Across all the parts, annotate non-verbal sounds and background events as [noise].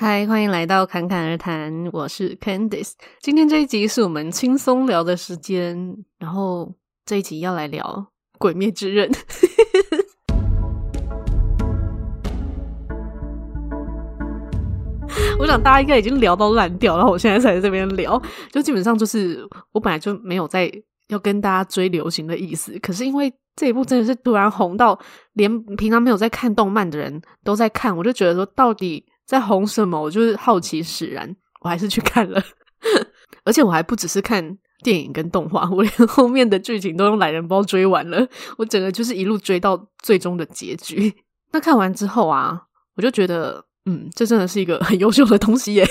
嗨，歡迎來到侃侃而談，我是 Candice。今天這一集是我們輕鬆聊的時間，然後這一集要來聊《鬼滅之刃。》 [laughs] 我想大家應該已經聊到爛掉了，然後我現在才在這邊聊，就基本上就是我本來就沒有在要跟大家追流行的意思，可是因為這一部真的是突然紅到連平常沒有在看動漫的人都在看，我就覺得說到底在紅什麼？我就是好奇使然，我還是去看了。 [laughs] 而且我還不只是看電影跟動畫，我連後面的劇情都用懶人包追完了。我整個就是一路追到最終的結局。那看完之後啊，我就覺得，嗯，這真的是一個很優秀的東西耶。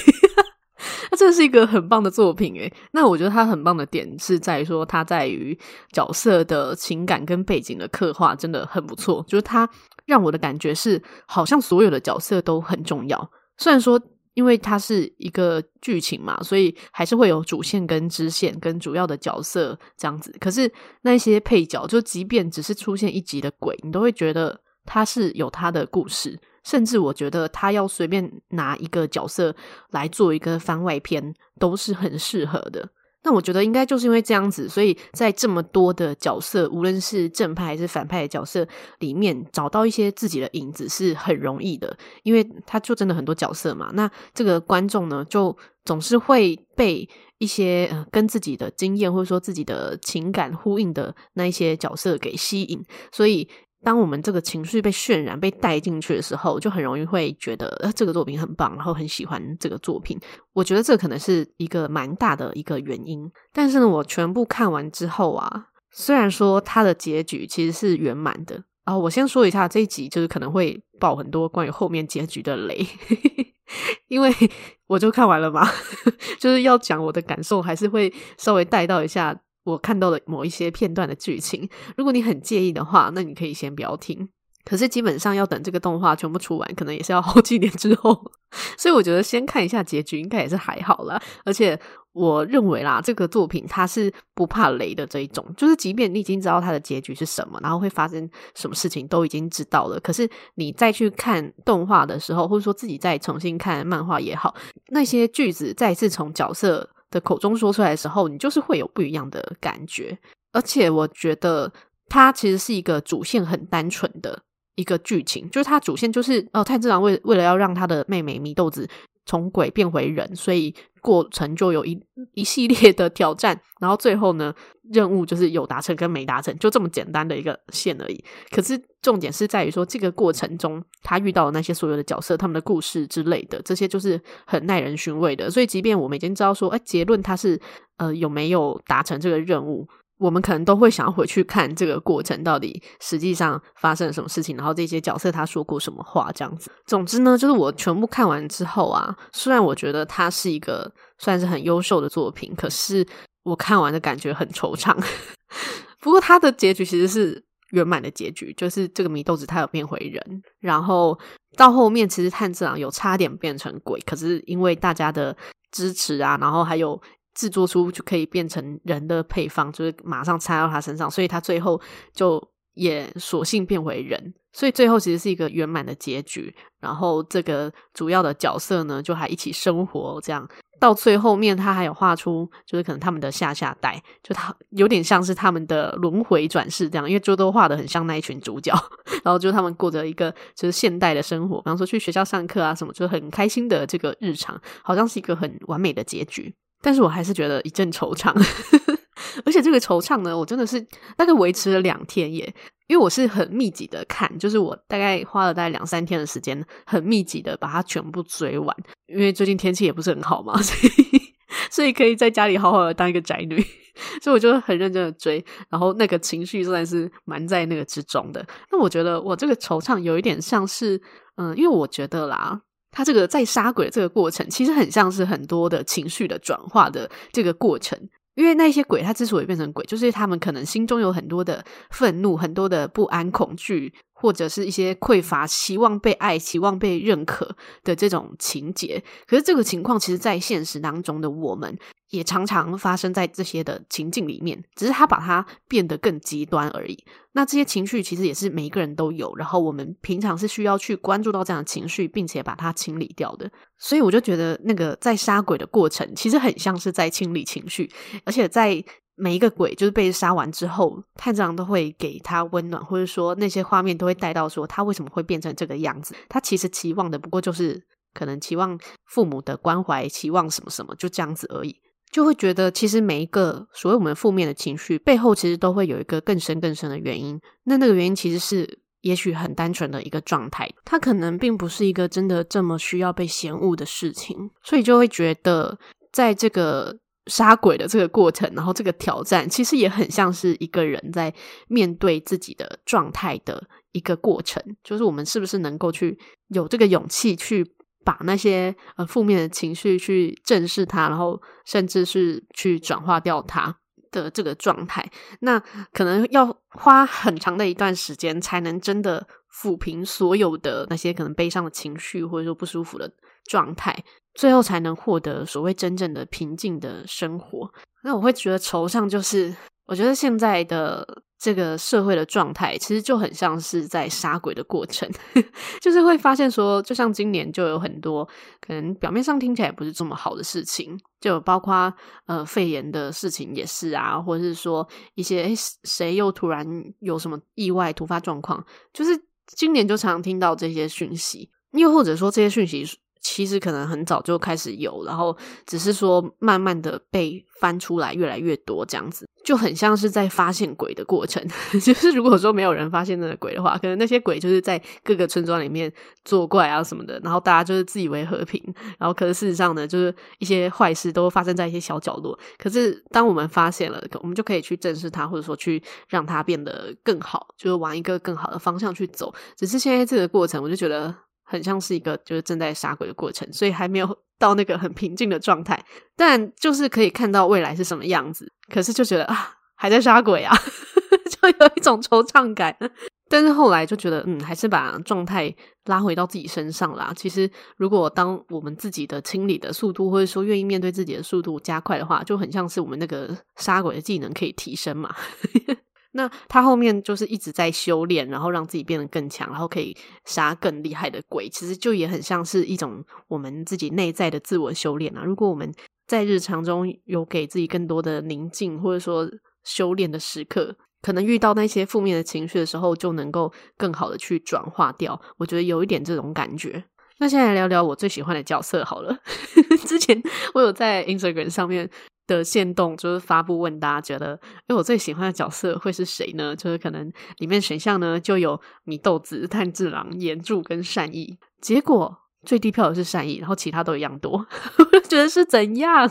這是一個很棒的作品誒，那我覺得它很棒的點是在於說它在於角色的情感跟背景的刻畫真的很不錯，就是它讓我的感覺是好像所有的角色都很重要。雖然說因為它是一個劇情嘛，所以還是會有主線跟支線跟主要的角色這樣子，可是那些配角就即便只是出現一集的鬼，你都會覺得他是有他的故事。甚至我覺得他要隨便拿一個角色來做一個番外篇都是很適合的。那我覺得應該就是因為這樣子，所以在這麼多的角色，無論是正派還是反派的角色裡面，找到一些自己的影子是很容易的，因為他就真的很多角色嘛。那這個觀眾呢，就總是會被一些，呃，跟自己的經驗或者說自己的情感呼應的那一些角色給吸引，所以。當我們這個情緒被渲染、被帶進去的時候，就很容易會覺得，呃，這個作品很棒，然後很喜歡這個作品。我覺得這可能是一個蠻大的一個原因。但是呢，我全部看完之後啊，雖然說它的結局其實是圓滿的啊，哦，我先說一下這一集，就是可能會爆很多關於後面結局的雷， [laughs] 因為我就看完了嘛， [laughs] 就是要講我的感受，還是會稍微帶到一下。我看到的某一些片段的劇情，如果你很介意的話，那你可以先不要聽。可是基本上要等這個動畫全部出完，可能也是要好幾年之後。所以我覺得先看一下結局應該也是還好啦。而且我認為啦，這個作品它是不怕雷的這一種，就是即便你已經知道它的結局是什麼，然後會發生什麼事情都已經知道了，可是你再去看動畫的時候，或者說自己再重新看漫畫也好，那些句子再次從角色。的口中說出來的時候，你就是會有不一樣的感覺，而且我覺得他其實是一個主線很單純的一個劇情，就是他主線就是哦、呃，炭治郎為為了要讓他的妹妹禰豆子，從鬼變回人，所以過程就有一一系列的挑戰，然後最後呢，任務就是有達成跟沒達成，就這麼簡單的一個線而已。可是重點是在於說，這個過程中他遇到的那些所有的角色，他們的故事之類的，這些就是很耐人尋味的。所以，即便我們已經知道說，哎，結論他是呃有沒有達成這個任務。我們可能都會想要回去看這個過程到底實際上發生了什麼事情，然後這些角色他說過什麼話這樣子。總之呢，就是我全部看完之後啊，雖然我覺得他是一個算是很優秀的作品，可是我看完的感覺很惆悵。 [laughs] 不過他的結局其實是圓滿的結局，就是這個禰豆子他有變回人，然後到後面其實炭治郎、啊、有差點變成鬼，可是因為大家的支持啊，然後還有。製作出就可以變成人的配方，就是馬上插到他身上，所以他最後就也索性變為人，所以最後其實是一個圓滿的結局。然後這個主要的角色呢，就還一起生活這樣，到最後面他還有畫出，就是可能他們的下下代，就他有點像是他們的輪回轉世這樣，因為就都畫得很像那一群主角， [laughs] 然後就他們過着一個就是現代的生活，比方說去學校上課啊什麼，就很開心的這個日常，好像是一個很完美的結局。但是我還是覺得一陣惆悵， [laughs] 而且這個惆悵呢，我真的是大概維持了兩天耶，因為我是很密集的看，就是我大概花了大概兩三天的時間，很密集的把它全部追完。因為最近天氣也不是很好嘛，所以，所以可以在家裡好好的當一個宅女，所以我就很認真的追，然後那個情緒算是蠻在那個之中的。那我覺得我這個惆悵有一點像是，嗯，因為我覺得啦。他這個在殺鬼的這個過程，其實很像是很多的情緒的轉化的這個過程，因為那些鬼他之所以變成鬼，就是他們可能心中有很多的憤怒、很多的不安、恐懼，或者是一些匱乏、希望被愛、希望被認可的這種情節。可是這個情況，其實在現實當中的我們。也常常發生在這些的情境裡面，只是他把它變得更極端而已。那這些情緒其實也是每一個人都有，然後我們平常是需要去關注到這樣的情緒，並且把它清理掉的。所以我就覺得，那個在殺鬼的過程，其實很像是在清理情緒。而且在每一個鬼就是被殺完之後，炭治郎都會給他溫暖，或者說那些畫面都會帶到說他為什麼會變成這個樣子。他其實期望的不過就是可能期望父母的關懷，期望什麼什麼，就這樣子而已。就會覺得，其實每一個所謂我們負面的情緒背後，其實都會有一個更深更深的原因。那那個原因其實是，也許很單純的一個狀態，它可能並不是一個真的這麼需要被嫌惡的事情。所以就會覺得，在這個殺鬼的這個過程，然後這個挑戰，其實也很像是一個人在面對自己的狀態的一個過程。就是我們是不是能夠去有這個勇氣去。把那些呃負面的情緒去正視它，然後甚至是去轉化掉它的這個狀態，那可能要花很長的一段時間，才能真的撫平所有的那些可能悲傷的情緒，或者說不舒服的狀態，最後才能獲得所謂真正的平靜的生活。那我會覺得惆悵就是。我覺得現在的這個社會的狀態，其實就很像是在殺鬼的過程， [laughs] 就是會發現說，就像今年就有很多可能表面上聽起來不是這麼好的事情，就包括呃肺炎的事情也是啊，或者是說一些欸、誰又突然有什麼意外突發狀況，就是今年就常常聽到這些訊息，又或者說這些訊息。其實可能很早就開始有，然後只是說慢慢的被翻出來越來越多這樣子，就很像是在發現鬼的過程。 [laughs] 就是如果說沒有人發現那個鬼的話，可能那些鬼就是在各個村莊裡面作怪啊什麼的，然後大家就是自以為和平，然後可是事實上呢，就是一些壞事都發生在一些小角落。可是當我們發現了，我們就可以去正視它，或者說去讓它變得更好，就是往一個更好的方向去走。只是現在這個過程，我就覺得。很像是一個就是正在殺鬼的過程，所以還沒有到那個很平靜的狀態。但就是可以看到未來是什麼樣子，可是就覺得啊，還在殺鬼啊， [laughs] 就有一種惆悵感。但是後來就覺得，嗯，還是把狀態拉回到自己身上啦。其實，如果當我們自己的清理的速度，或者說願意面對自己的速度加快的話，就很像是我們那個殺鬼的技能可以提升嘛。 [laughs] 那他後面就是一直在修煉，然後讓自己變得更強，然後可以殺更厲害的鬼。其實就也很像是一種我們自己內在的自我修煉啊。如果我們在日常中有給自己更多的寧靜，或者說修煉的時刻，可能遇到那些負面的情緒的時候，就能夠更好的去轉化掉。我覺得有一點這種感覺。那現在來聊聊我最喜歡的角色好了。 [laughs] 之前我有在 Instagram 上面。的限動就是發布，問大家覺得誒、欸、我最喜歡的角色會是誰呢？就是可能裡面選項呢就有米豆子、炭治郎、炎柱跟善意。結果最低票的是善意，然後其他都一樣多。 [laughs] 我覺得是怎樣？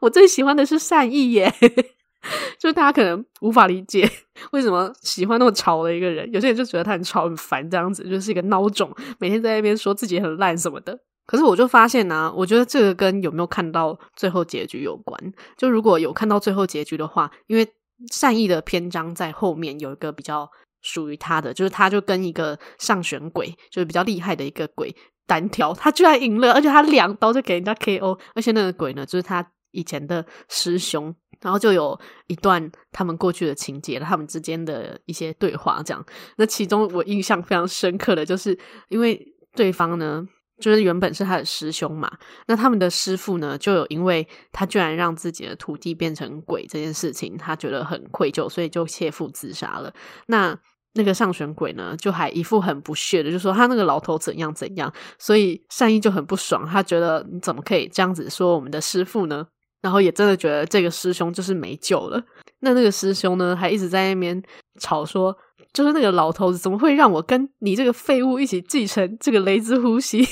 我最喜歡的是善意耶， [laughs] 就是大家可能無法理解為什麼喜歡那麼吵的一個人。有些人就覺得他很吵很煩，這樣子就是一個孬種，每天在那邊說自己很爛什麼的。可是我就發現呢、啊，我覺得這個跟有沒有看到最後結局有關。就如果有看到最後結局的話，因為善逸的篇章在後面有一個比較屬於他的，就是他就跟一個上弦鬼，就是比較厲害的一個鬼單挑，他居然贏了，而且他兩刀就給人家 K.O.，而且那個鬼呢，就是他以前的師兄，然後就有一段他們過去的情節，他們之間的一些對話這樣。那其中我印象非常深刻的就是，因為對方呢。就是原本是他的師兄嘛，那他們的師父呢，就有因為他居然讓自己的徒弟變成鬼這件事情，他覺得很愧疚，所以就切腹自殺了。那那個上弦鬼呢，就還一副很不屑的，就說他那個老頭怎樣怎樣，所以善逸就很不爽，他覺得你怎麼可以這樣子說我們的師父呢？然後也真的覺得這個師兄就是沒救了。那那個師兄呢，還一直在那邊吵說，就是那個老頭子怎麼會讓我跟你這個廢物一起繼承這個雷之呼吸？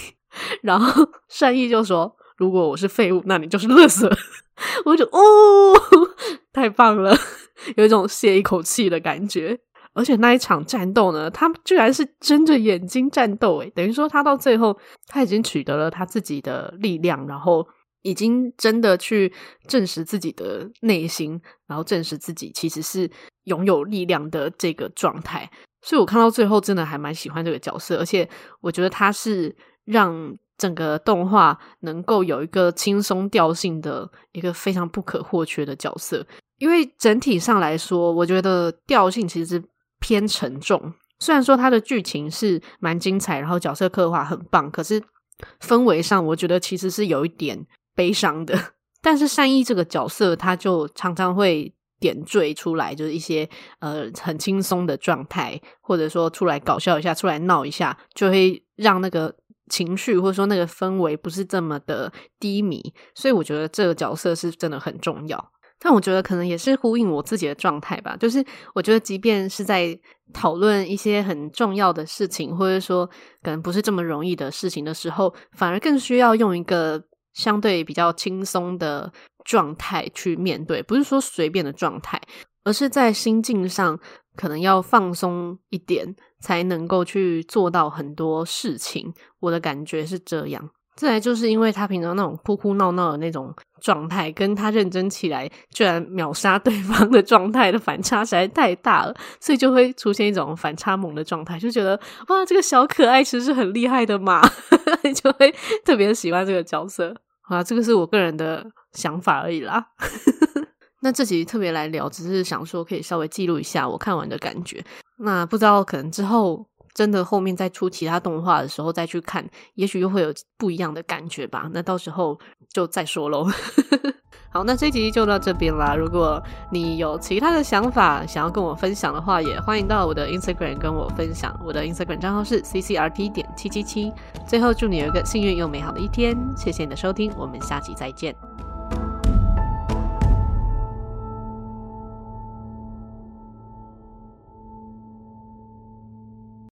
然後善逸就說：“如果我是廢物，那你就是垃圾。 [laughs] ”我就哦，太棒了， [laughs] 有一種歇一口氣的感覺。而且那一場戰鬥呢，他居然是睜着眼睛戰鬥，誒，等於說他到最後他已經取得了他自己的力量，然後已經真的去證實自己的內心，然後證實自己其實是擁有力量的這個狀態。所以我看到最後真的還蠻喜歡這個角色，而且我覺得他是。讓整個動畫能夠有一個輕鬆調性的一個非常不可或缺的角色，因為整體上來說，我覺得調性其實偏沉重。雖然說它的劇情是蠻精彩，然後角色刻畫很棒，可是氛圍上我覺得其實是有一點悲傷的。但是善逸這個角色，他就常常會點綴出來，就是一些呃很輕鬆的狀態，或者說出來搞笑一下，出來鬧一下，就會讓那個。情緒或者說那個氛圍不是這麼的低迷，所以我覺得這個角色是真的很重要。但我覺得可能也是呼應我自己的狀態吧，就是我覺得即便是在討論一些很重要的事情，或者說可能不是這麼容易的事情的時候，反而更需要用一個相對比較輕鬆的狀態去面對，不是說隨便的狀態。而是在心境上，可能要放鬆一點，才能夠去做到很多事情。我的感覺是這樣。自然就是因為他平常那種哭哭鬧鬧的那種狀態，跟他認真起來居然秒殺對方的狀態的反差實在太大了，所以就會出現一種反差萌的狀態，就覺得哇，這個小可愛其實是很厲害的嘛， [laughs] 就會特別喜歡這個角色。好啊，這個是我個人的想法而已啦。那這集特別來聊，只是想說可以稍微記錄一下我看完的感覺。那不知道可能之後真的後面再出其他動畫的時候再去看，也許又會有不一樣的感覺吧。那到時候就再說嘍。 [laughs] 好，那這集就到這邊啦。如果你有其他的想法想要跟我分享的話，也歡迎到我的 Instagram 跟我分享。我的 Instagram 賬號是 ccrt 點七七七。最後祝你有一個幸運又美好的一天。謝謝你的收聽，我們下集再見。